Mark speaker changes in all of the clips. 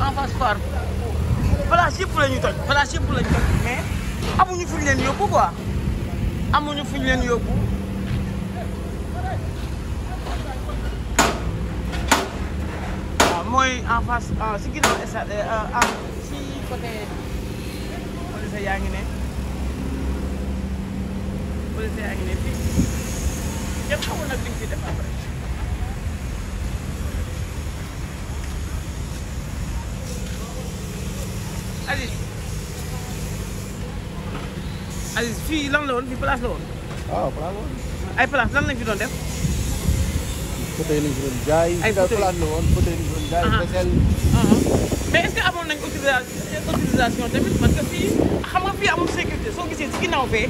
Speaker 1: en face par place yëpp la ñuy toj place yëpp la ñuy toj mais amuñu fu ñu leen yóbbu quoi amuñu fu ñu leen yóbbu. waaw ah, mooy en face ah, si ginnaaw stade eh, ah, si côté police yaa ngi ne police yaa ngi ne fii yëpp xamul nag li ñu fi def après. Aziz lan la woon fii place la woon.
Speaker 2: waaw ah, place la
Speaker 1: ay place lan lañ fi doon def.
Speaker 3: côté lañ fi ay côté place la woon côté lañ fi
Speaker 1: doon jaay. Ah, ah. Uh-huh. mais est ce que amoon nañ autorisation tamit parce que fii xam nga fii amul sécurité soo gisee si ginnaaw fee.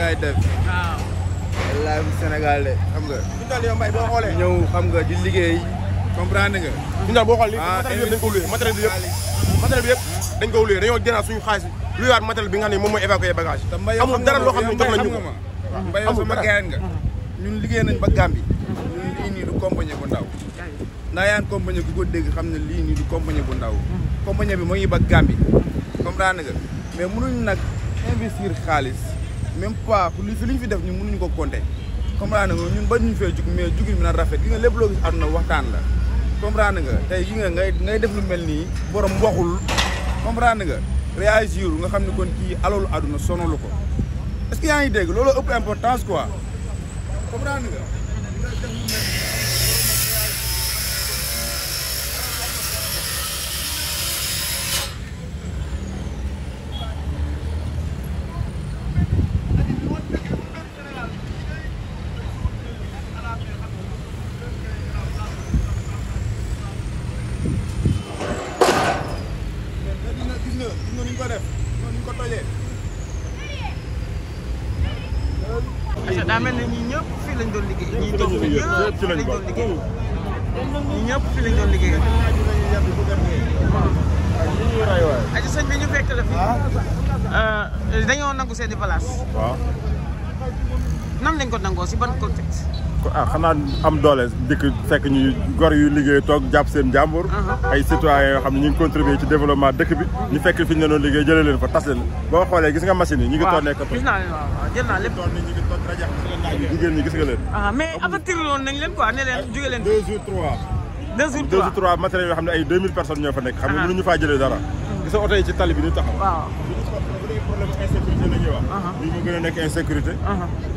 Speaker 2: gaay def. waaw. wallaahi Sénégal de xam nga. fi ñu yow Mbaye boo xoolee. ñëw xam nga di liggéey. comprendre nga. fi ñu boo xoolee matériel ah, bi dañ ko loué matériel bi yëpp. matériel bi yëpp dañ ko loué dañoo jënaat suñu xaalis bi loué waat matériel bi nga xam ne moom mooy évacuer bagage. amul dara loo xam ne jox nañu ko Mbaye yow sama gayaan nga ñun liggéey nañ ba Gambie. ñun lii nii du compagnie bu ndaw. ndax yaan compagnie bu ko dégg xam ne lii nii du compagnie bu ndaw. compagnie bi moo ngi ba Gambie comprendre nga mais mënuñ nag investir xaalis même pas pour li fi li ñu fi def ñu mënuñu ko compter comprendre nga ñun ba ñu fee jug mais jugin bi na rafet gi nga lépp loo gis àdduna waxtaan la comprendre nga tey gi nga ngay ngay def lu mel nii borom waxul comprendre nga réagir nga xam ne kon kii alalu àdduna sonalu ko est que yaa ngi dégg loolu ëpp importance quoi comprendre nga
Speaker 1: ñi ñëpp fi lañ doon liggéey aji sëñ bi ñu fekk la fi ah. euh, dañoo nangu seeni place nan lañ ko nangoo si ban contexte
Speaker 4: ah xanaa am doole dikk fekk ñuy gor yu liggéey toog jàpp seen jàmbur. Uh-huh. ay citoyens yoo xam ne ñu ngi contribuer ci développement dëkk bi. ñu fekk fi ñu doon liggéey jëlee leen fa tas leen boo xoolee gis nga machine yi. ñu ngi toog nekk toog gis ñu gis nga leen.
Speaker 1: ah mais avertir woon nañ leen quoi ne leen jóge leen. deux jours trois.
Speaker 4: deux jours trois deux yoo xam ne ay 2000 personnes ñoo fa nekk. xam nga uh-huh. mënuñu faa jëlee dara. gis nga oto yi ci tali bi ñu taxaw. waaw bu dee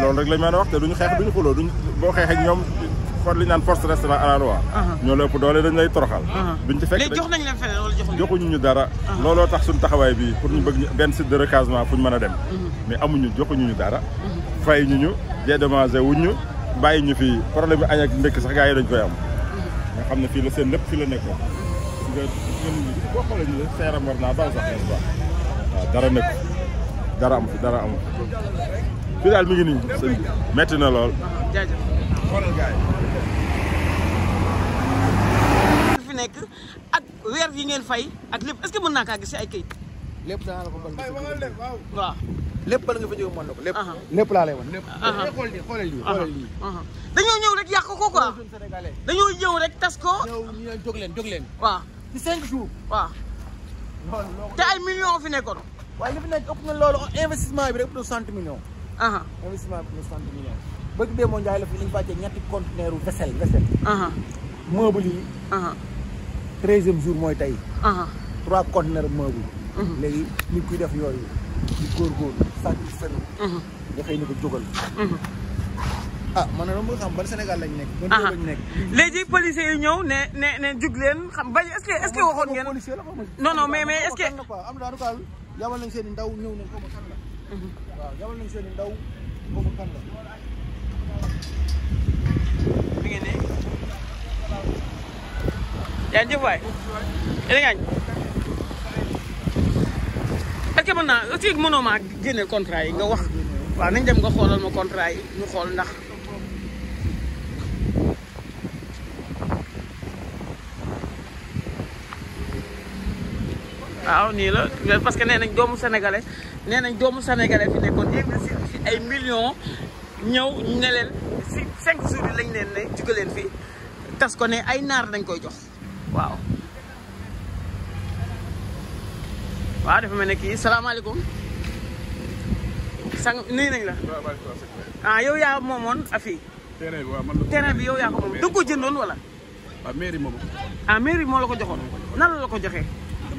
Speaker 4: loolu rek lañ mën a wax te duñu xeex duñu xuloo duñu boo xeexee ñoom for li ñu naan force reste à la loi ñoo la ëpp doole dañ lay toroxal duñ ci fekk léegi jox nañ leen feneen wala joxuñu joxuñu ñu dara looloo tax suñu taxawaay bi pour ñu bëgg benn site de recasement fu ñu mën a dem mais amuñu joxuñu ñu dara fay ñu ñu dédommagé wuñu bàyyi ñu fii problème bi añ ak ndëkk sax gars yi dañ koy am nga xam ne fii la seen lépp fii la nekkoon nga boo xoolee ñu sa yaram war naa daw sax waaw dara nekk dara am fi dara amul fii daal mi ngi nii metti na lool.
Speaker 1: fi nekk ak weer yi ngeen fay ak lépp est-ce que mën naa kaa gis si ay kayit. lépp danaa la ko mën waaw. lépp bala nga fa jógee mën na ko lépp. lépp laa lay wan lépp. Eh, xool lii xoolal lii xoolal lii. dañoo ñëw ko quoi dañoo ñëw rek tas ko. ñëw ñu leen jóg leen. waaw ci cinq jours. waaw. te ay millions fi nekkoon. waaye li fi nekk ëpp na loolu investissement bi rek ëpp na 60 investissement plus cent millions bëgg dee moo njaay la fi li ñu fàccee ñetti conteneur vaisselle vaisselle meuble
Speaker 2: yi jour mooy tey trois conteneur meuble mhm. léegi nit kuy def yooyu
Speaker 1: di góor góor ci sën mhm. nga xëy ni ko jógal mhm. ah man na nga xam ban Sénégal lañ nekk. ban réew lañ nekk. léegi policiers yi ñëw ne ne ne jug leen xam ba est-ce que est-ce que ah, waxoon ngeen. non mais mais est-ce que. am na daal yabal nañ seen i ndaw ñëw nañ
Speaker 5: ko ma kan la. waaw yabal nañ seen i ndaw boobu ngi
Speaker 1: nii yaa jëf waay naa aussi mënoo maa génne contrat yi nga wax waa nañ dem nga xoolal ma contrat yi ñu xool ndax waaw nii la parce que nee nañ doomu sénégalais nee nañ doomu sénégalais fi nekkoon investir fi ay million ñëw ne leen si cinq jours yi lañ leen ne jóge fi tas ko ne ay naar dañ koy jox waaw. waaw dafa mel ne kii salaamaaleykum sang nii nañ la. ah yow yaa moomoon afi terrain bi yow yaa ko moom da nga ko jëndoon wala. Ah, ah mairie moo la ko joxoon nan la la ko joxee.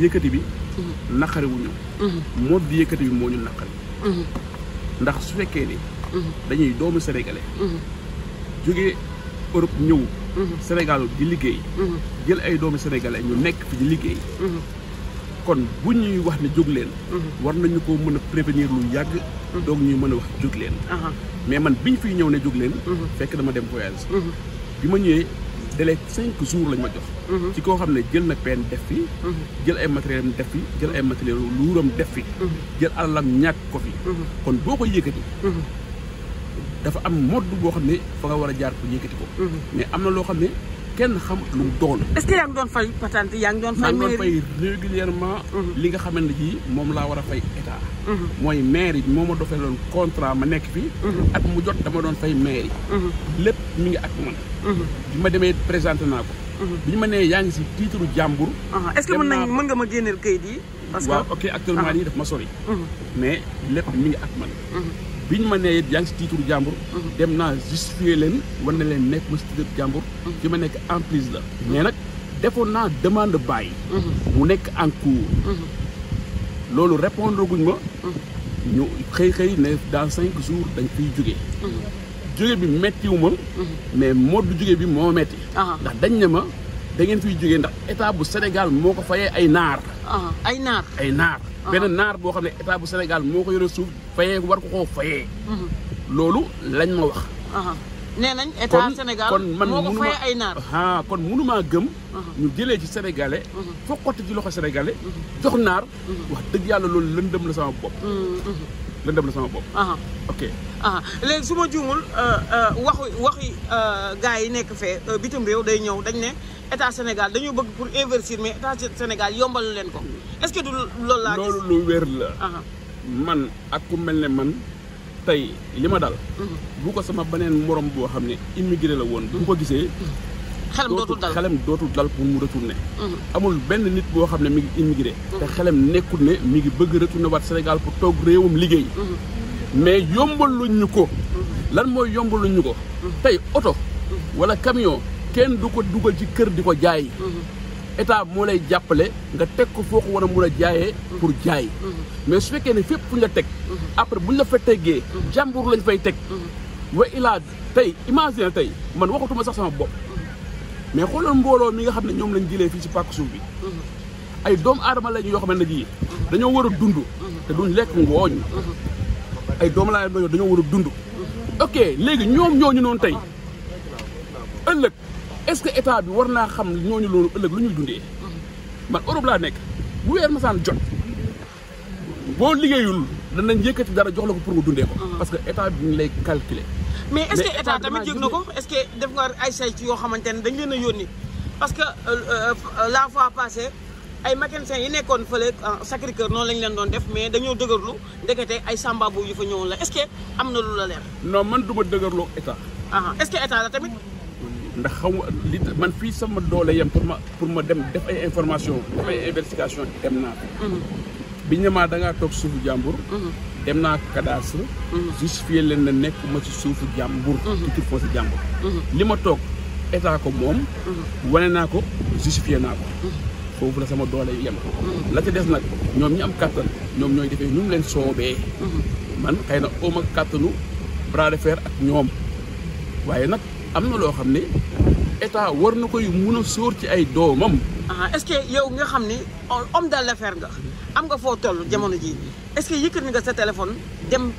Speaker 3: yëkkati bi
Speaker 5: mhm. naqari wu ñëw mhm.
Speaker 3: mode di yëkkati bi moo ñu naqari mhm. ndax su fekkee ni dañuy doomu sénégalais jóge Europe ñëw Sénégal di liggéey jël ay doomu sénégalais ñu nekk fi di liggéey kon bu ñuy wax ne jóg leen war nañu ko mën a prévenir lu yàgg doog ñuy mën a wax jóg leen mais man bi ñu fiy ñëw ne jóg leen fekk dama dem voyage bi ma ñëwee délai cinq jours lañ ma jox. Mhm. ci koo xam ne jël na peine def fi. Mhm. jël ay matériel def fi jël ay matériel luuram def fi. Mhm. jël alalam ñàkk ko fi. kon boo koy yëkkati. dafa am modd boo xam ne fa nga war a jaar pour yëkkati ko. mais am na loo xam ne. kenn xam lu mu doon.
Speaker 1: est-ce que yaa ngi doon fay patente yaa ngi doon fay. mairie doon
Speaker 3: fay mhm. li nga xamante ji moom laa war a fay état. Mhm. mooy mairie bi moo ma dofeloon contrat ma nekk fi. Mhm. ak mu jot dama doon fay mairie. lépp mu ngi ak man. bi ma demee présenté naa ko. bi ñu ma nee yaa ngi si titre jàmbur. est-ce que mën nañ
Speaker 1: mën nga ma génneel kayit yi.
Speaker 3: parce que waaw ok actuellement nii daf ma sori. mais lépp mi ngi ak man. biñ ma nee it yaa ngi si titre jàmbur. Mhm. dem naa justifier leen war na leen nekk ma si titre jàmbur. Mhm. fi ma nekk en prise la. mais nag defoon naa demande bàyyi. Mhm. mu nekk en cours. loolu répondre guñ ma. ñu xëy xëy ne dans cinq jours dañ fiy jóge. jóge bi méttiwu ma. mais mode jóge bi moo métti. ndax dañ ne ma da ngeen fiy jóge ndax état bu Sénégal moo ko fayee ay naar. ay naar ay naar benn naar boo xam ne état bu senegal moo ko yore suuf fayee war ko ko fayee mhm. loolu lañ ma wax
Speaker 1: nee nañ état Sénégal kon man moo ko fay ay naar
Speaker 3: ah kon mënumaa gëm ñu jëlee ci sénégalais mhm. fokkati ci loxo sénégalais mhm. jox naar wax dëgg yàlla loolu lëndëm la sama bopp lëndëm la sama bopp ok
Speaker 5: ah
Speaker 1: léegi su ma juumul euh, euh, waxu waxi euh, gars yi nekk fee bitim réew day ñëw dañ ne état Sénégal dañoo bëgg pour investir mais état Sénégal yombalu leen ko est-ce que du loolu laa
Speaker 3: loolu lu wér la man ak ku mel ne man tey li ma dal mhm. bu ko sama beneen morom boo xam ne immigré la woon bu ko gisee mhm. xelam dootul dal dootul dal pour mu retourner mhm. amul benn nit boo xam ne mi ngi immigré te xelam nekkul ne mi ngi bëgg retourner waat Sénégal pour toog réewum liggéey mais yombaluñ ñu ko lan mooy yombaluñ ñu ko tey oto wala camion kenn du ko dugal ci kër di ko jaay. Mhm. état moo lay jàppale nga teg ko foo ko war a mun a jaayee. Mhm. pour jaay. Mhm. mais su fekkee ne fépp fu ñu la teg. après buñ la fa teggee. jàmbur lañ fay teg. wa ilaa tey imagine tey man waxatuma sax sama bopp. mais xoolal mbooloo mi nga xam ne ñoom lañ jilee fii ci pàkk suuf bi. ay doomu aadama lañu yoo xam ne ji dañoo war a dund. te duñ lekk ngooñ. ay doomu aadama dañoo war a dund. ok léegi ñoom ñu noonu tey ëllëg. est-ce que état bi warna xam ñooñu lolu ëllëg lu ñuy dundee man Europe la nek bu wër ma masaan jot ligéyul dañ danañ yëkkati dara jox la ko pour nga dundé ko. Ah. parce que état bi ñu lay calculer.
Speaker 1: mais est-ce que état tamit yëg na est-ce que def nga ay say ci yo xamantene dañ leena yoni parce que euh, euh, la fois passée ay mécaniciens yi nekkoon fële euh, Sacré-Cœur noonu lañ leen doon def mais dañoo dëgërlu ndekete ay sambabu yu fa ñëwoon la est-ce que am na lu la leer.
Speaker 3: non man duma ma dëgërloo état.
Speaker 1: Ah, est-ce que état la tamit.
Speaker 3: ndax xaw ma li man fii sama doole yem pour ma pour ma dem def ay information def ay investigation dem naa mhm. bi ñamaa da toog suufu jàmbur mhm. dem naa cadastre mhm. justifier leen na nekk ma ci suufu jàmbur titre foncier jàmbur li ma toog état ko moom wane naa ko justifier naa ko foofu la sama doole yem la ca des nag ñoom ñi am kàttan ñoom ñooy defee nu mu leen soobee man xëy na oom kàttanu bras de ak ñoom waaye nag am na loo xam ne état war na koy
Speaker 1: mun a sóor ci ay doomam. ah est-ce yow nga xam ni homme d'affaires nga am nga foo toll jamono ji est-ce que yëkkati nga sa téléphone dem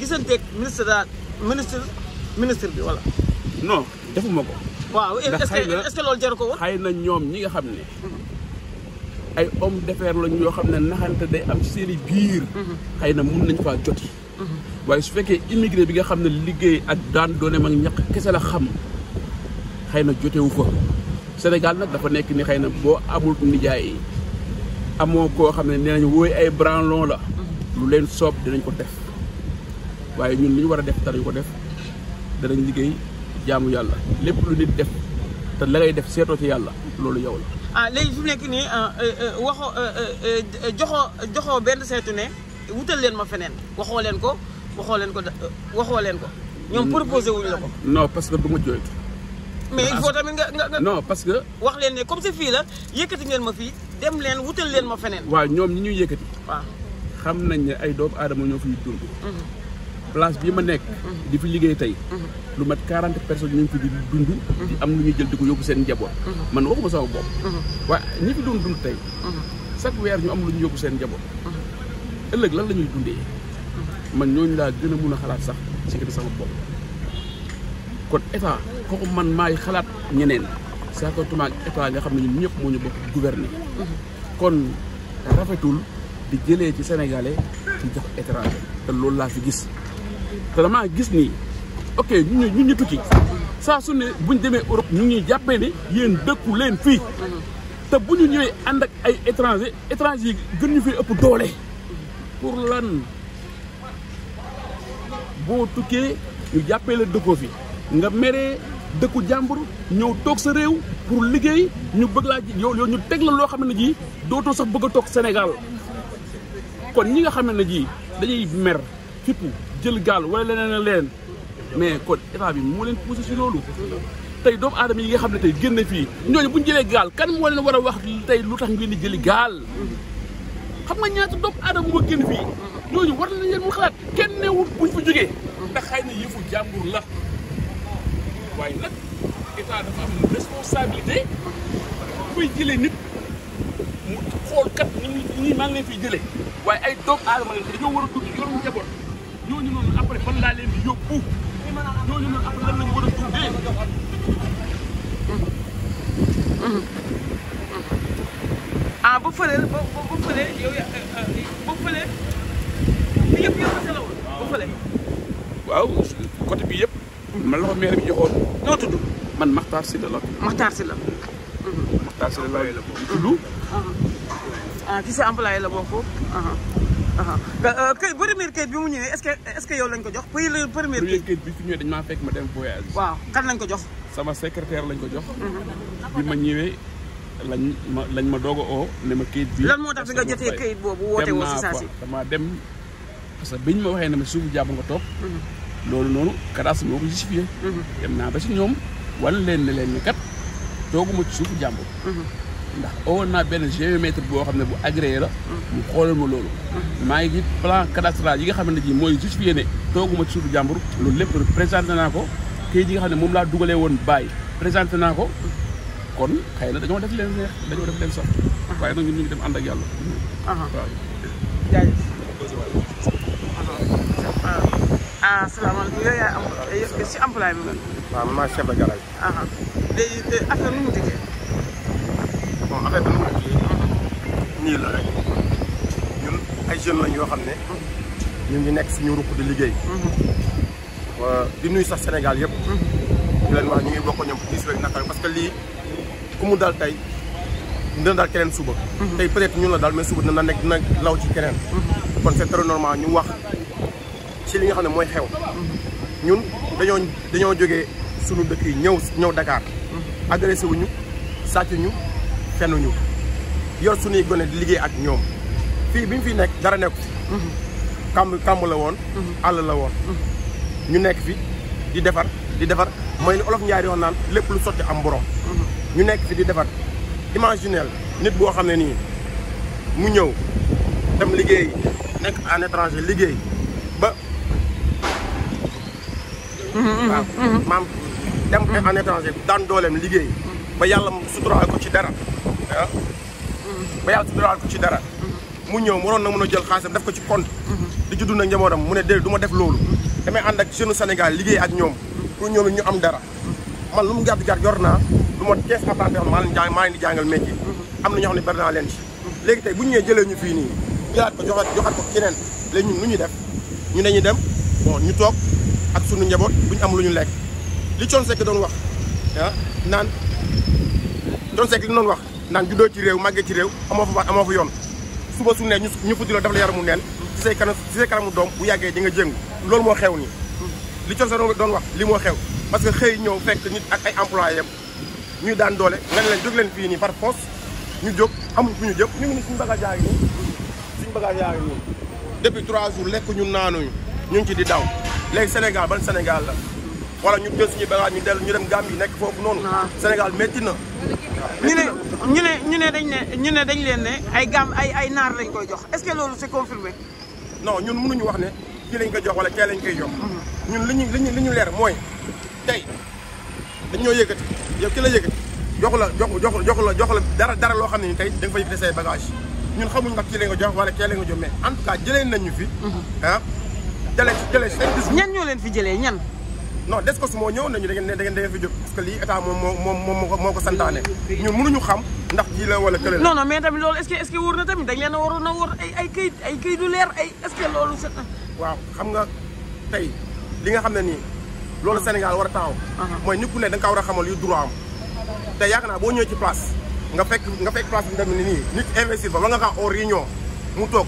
Speaker 1: gisanteeg ministre da ministre bi walla. non defuma ko. waaw est-ce que est-ce loolu
Speaker 3: jaru ko woon. xëy na ñoom ñi nga xam ne. Mhm. ay homme d'affaires lañ yoo xam ne naxante day am ci seen i biir. Mhm. xëy na mun nañ faa joti. waaye su fekkee immigré bi nga xam ne liggéey ak daan dooneem mag ñaq kese la xam xëy na jotewu fa Sénégal nag dafa nekk ni xëy na boo amul nijaay yi amoo koo xam ne ne nañu wooy ay branlon la lu leen soob dinañ ko def waaye ñun li ñu war a def danañ ko def danañ liggéey jaamu yàlla lépp lu nit def te la ngay def seetoo ci yàlla loolu yow la
Speaker 1: ah léegi fi mu nekk nii ah, euh, euh, waxo euh, joxoo joxoo benn seetu ne wutal leen ma feneen waxoo leen ko waxoo leen ko waxoo leen ko. ñoom proposé wuñ la ko.
Speaker 3: non parce que du ma jooytu.
Speaker 1: mais il faut tamit nga nga no parce que. wax leen ne comme si fii la yëkkati ngeen ma fii dem leen wutal leen ma feneen. waaw
Speaker 3: ñoom ñi ñuy yëkkati. waaw xam nañ ne ay doomu aadama ñoo fiy dund. Mhm. place bii ma nekk. Mhm. di fi liggéey tey. Mhm. lu mat quarante personnes ñu fi di dund. di am lu ñuy jël di ko yóbbu seen njaboot. man waxuma sama bopp. waaye ñi fi doon dund tey. chaque weer ñu am lu ñu yóbbu seen njaboot. ëllëg lan la ñuy dundee. man ñooñu laa gën a mun a xalaat sax ci gën sama bopp kon état kooku man maay xalaat ñeneen saakatuma ak état nga xam ne ñun ñëpp moo ñu bokk gouverner kon rafetul di jëlee ci sénégalais ci jox étranger te loolu laa fi gis te damaa gis nii ok ñu ñu ñu tukki saa su ne bu ñu demee Europe ñu ngi jàppee ne yéen dëkku leen fii te bu ñu ñëwee ànd ak ay étranger étranger yi gën ñu fi ëpp doole pour lan bo tukkee ñu jàppee la dëkkoo fi nga méré deku jambour ñëw tok sa réew pour liggéey ñu bëgg la yow ñu teg la lo xamné ji doto sax bëgg tok Sénégal kon ñi nga xamné ji dañuy mer fipu jël gal wala leneen ak leneen mais kon état bi mo leen pousser ci lolu tay doom adam yi nga xamné tay tey fi fii buñu jëlé gal kan mo leen wara wax tay lutax ngeen di jëli gal xam nga ñaata doomu aadama moo génn fii ñooñu war nañ leen mu xalat Vous buñ fa Vous Vous xëy Vous la responsabilité Vous jëlee nit mu kat vous ñi maa leen fiy Vous waaye ay leen après fan laa leen Vous
Speaker 1: après ah vous fële vous yow ya ah, ah, fële.
Speaker 3: waaw côté bi yëpp. ma la ko maire bi joxoon. noo tudd. man Makhtar Sylla la. Makhtar Sylla.
Speaker 1: Makhtar Sylla la la tudd. Ah, ah ci sa employé la bokk. ah, ah, ah. Euh, kay premier kayit bi mu ñëwee est-ce que est yow lañ ko jox. premier premier dañ maa fekk ma dem voyage. waaw lañ ko jox. sama secrétaire lañ ko jox. Mhm. bi ma
Speaker 3: ñëwee lañ ma lañ ma doog a ne ma kayit bi. lan moo tax bi nga jotee kayit
Speaker 1: boobu woote woo si si.
Speaker 3: damaa dem. parce que biñ ma waxee ne ma suuf jàpp nga toog. Mhm. loolu noonu cadastre moo ko justifié. Mhm. dem naa ba si ñoom wan leen ne leen ni kat tooguma ci suufu jàmbur.
Speaker 5: Mhm. ndax
Speaker 3: woon naa benn géomètre boo xam ne bu agréé la. mu xoolal ma loolu. maa ngi plan cadastral yi nga xam ne ji mooy justifié ne tooguma ci suufu jàmbur. loolu lépp présenté naa ko kayit yi nga xam ne moom laa dugalee woon bàyyi présenté naa ko kon xëy na dañoo def leen neex dañoo def leen sax waaye nag ñun ñu ngi dem ànd ak yàlla.
Speaker 5: waaw ah salaamaaleykum yow
Speaker 1: yaa am si emploi bi man. chef ah, de garage. léegi affaire nu mu dikkee. bon affaire bi mu dikkee nii la lañ
Speaker 2: yoo xam ne. ñun nekk suñu ruq di liggéey. Mm-hmm. Euh, di nuyu sax Sénégal yëpp.
Speaker 5: Mm-hmm.
Speaker 2: di leen wax ñu ngi bokk ñoom fii si rek naqare parce que lii ku mu dal tey dina dal keneen suba. Mm-hmm. tey peut-être ñun la daal mais suba dina nekk dina law ci keneen. kon c'est très ñu wax. ci li nga xam ne mooy xew ñun dañoo dañoo jógee sunu dëkk yi ñëw ñëw Dakar agressé wuñu sàcc ñu fenuñu yor sunuy gone di liggéey ak ñoom fii bi ñu fi nekk dara nekku fi kàmb kàmb la woon àll la woon ñu nekk fi di defar di defar mooy ni olof njaay di naan lépp lu sotti am borom ñu nekk fi di defar imaginel nit boo xam ne nii mu ñëw dem liggéey nekk en étranger liggéey ba waaw maam dem en étranger daan dooleem liggéey ba yàlla suturaal ko ci dara ah. ba yàlla suturaal ko ci dara mu ñëw waroon na mun a jël xaalisam def ko ci kont di juddu na njabootam mu ne déedéet du ma def loolu damay ànd ak jeune Sénégal liggéey ak ñoom pour ñoom ñu am dara man lu mu gàtt gàtt yor naa lu ma tees apprenti xam maa leen maa leen jàngal métier am na ñoo xam ne leen ci léegi tey bu ñu ñëwee jëlee ñu fii nii jëlaat ko joxaat joxaat ko keneen léegi ñun lu ñuy def ñu ñu dem bon ñu toog ak sunu njaboot duñ am lu ñu lekk li Thione Seck doon wax ah, naan Thione Seck li doon wax naan juddoo ci réew màggee ci réew amoo fa baat amoo fa yoon suba su ne ñu ñu fuddi la daf la yaramu neen ci say kanam ci say kanamu doom bu yàggee di nga jéngu loolu moo xew nii li Thione Seck doon wax li moo xew parce que xëy ñëw fekk nit ak ay employé am ñuy daan doole nga ne leen jóg leen fii nii par force ñu jóg amuñ fu ñu jëm ñu ngi ni suñu bagage yaa nii depuis trois jours lekk ñu naanuñu ñu ngi ci di daw léegi Sénégal ban
Speaker 1: Sénégal la wala ñu jël suñu bagage ñu dellu ñu dem Gambie nek fofu noonu. Ah. Sénégal metti na. ñu ne ñu né ñu ne dañ né ñu né dañ leen né ay gam ay ay nar lañ koy jox est-ce que lolu c'est confirmé. non ñun mënuñu wax né kii lañ ko jox wala kee lañ koy jox. Mm-hmm. ñun liñu liñu
Speaker 2: li ñu li ñu dañ ñoo yëkkati yow ki la yëkkati jox la jox jox la jox la dara dara lo xamni tay dañ tey da fa yëkkati bagage ñun xamuñ nag ki lañ ko jox wala ké lañ ko jox mais en tout cas jëlee nañ ñu fi. Mm-hmm. Ah. jëlee jëlee seen
Speaker 1: discours ñan ñoo leen fi jëlee ñan
Speaker 2: non des ko su moo ñëw nañu da ngeen ne da ngeen da fi la wala kële la non
Speaker 1: non mais tamit loolu est-ce que est-ce que wóor na tamit dañ leen a waroon a wóor ay ay këyit ay tey li nga xam ne nii
Speaker 2: loolu Sénégal war a taxaw mooy nit ku ne da nga ko war a xamal yu droit am te yaakaar naa boo ñëwee ci place nga fekk nga fekk place bi dem ni nii nit investir ba nga kaa au réunion mu toog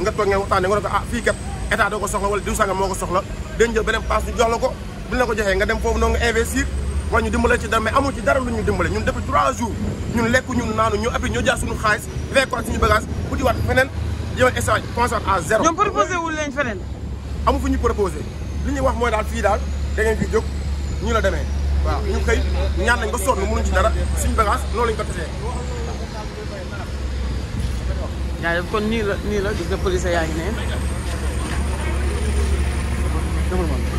Speaker 2: nga toog ngeen waxtaanee nga ne ah fii kat état doo ko soxla wala diw sangam moo ko soxla dañ jël beneen paas ñu jox la ko buñ la ko joxee nga dem foofu noonu nga investir wala ñu dimbale ci dara mais amul ci dara lu ñu dimbale ñun depuis trois jours ñun lekku ñun naanu ñu abi ñoo jaar suñu xaalis vekkoon suñu bagage bu di waat feneen yow état constat à zéro ñoom proposé wul leen feneen amu fu ñu proposé li ñuy wax mooy daal fii daal da ngeen fi jóg ñu la demee waaw ñu koy ñaan nañ ba sonn mënuñ ci dara suñu bagage
Speaker 1: loolu lañ ko tasee yaa def kon nii la nii la
Speaker 5: gis nga police yaa ngi ne Kıvırmalı.